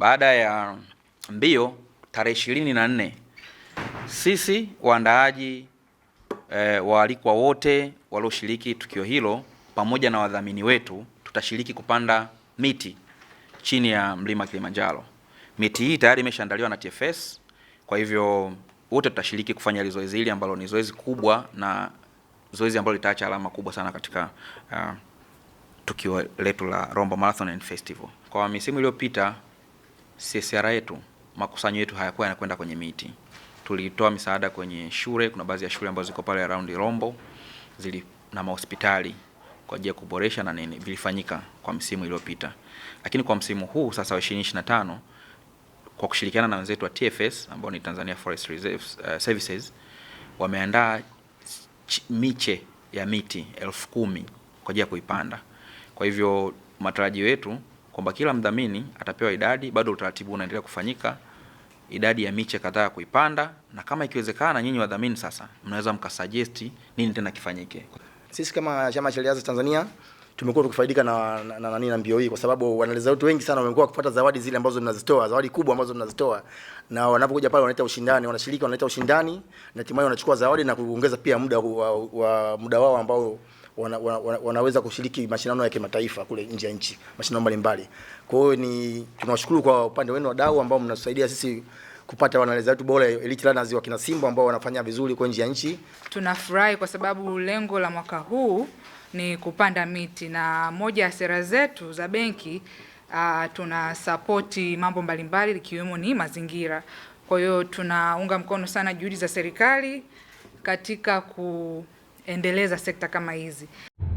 Baada ya mbio tarehe ishirini na nne sisi waandaaji e, waalikwa wote walioshiriki tukio hilo pamoja na wadhamini wetu tutashiriki kupanda miti chini ya mlima Kilimanjaro. Miti hii tayari imeshaandaliwa na TFS, kwa hivyo wote tutashiriki kufanya hili zoezi hili ambalo ni zoezi kubwa na zoezi ambalo litaacha alama kubwa sana katika uh, tukio letu la Rombo Marathon and Festival. Kwa misimu iliyopita CSR yetu makusanyo yetu hayakuwa yanakwenda kwenye miti. Tulitoa misaada kwenye shule, kuna baadhi ya shule ambazo ziko pale around Rombo zili na mahospitali kwa ajili ya kuboresha na nini vilifanyika kwa msimu iliyopita, lakini kwa msimu huu sasa wa 2025 kwa kushirikiana na wenzetu wa TFS ambao ni Tanzania Forest Reserves, uh, Services wameandaa miche ya miti elfu kumi kwa ajili ya kuipanda. Kwa hivyo matarajio yetu kwamba kila mdhamini atapewa idadi, bado utaratibu unaendelea kufanyika, idadi ya miche kadhaa kuipanda, na kama ikiwezekana, nyinyi wadhamini sasa mnaweza mkasuggest nini tena kifanyike. Sisi kama chama cha Riadha Tanzania tumekuwa tukifaidika na na, na, na na mbio hii kwa sababu wanaleza wetu wengi sana wamekuwa kupata zawadi zile ambazo tunazitoa, zawadi kubwa ambazo tunazitoa, na wanapokuja pale wanaleta ushindani, wanashiriki, wanaleta ushindani na hatimaye wanachukua zawadi na kuongeza pia muda wa, wa, wa muda wao ambao wana, wana, wana, wanaweza kushiriki mashindano ya kimataifa kule nje ya nchi, mashindano mbalimbali. Kwa hiyo ni tunawashukuru kwa upande wenu wadau ambao mnatusaidia sisi kupata wanaleza wetu bora elite runners wa kina Simba ambao wanafanya vizuri kwa nje ya nchi. Tunafurahi kwa sababu lengo la mwaka huu ni kupanda miti na moja ya sera zetu za benki uh, tuna sapoti mambo mbalimbali ikiwemo ni mazingira. Kwa hiyo tunaunga mkono sana juhudi za serikali katika ku endeleza sekta kama hizi.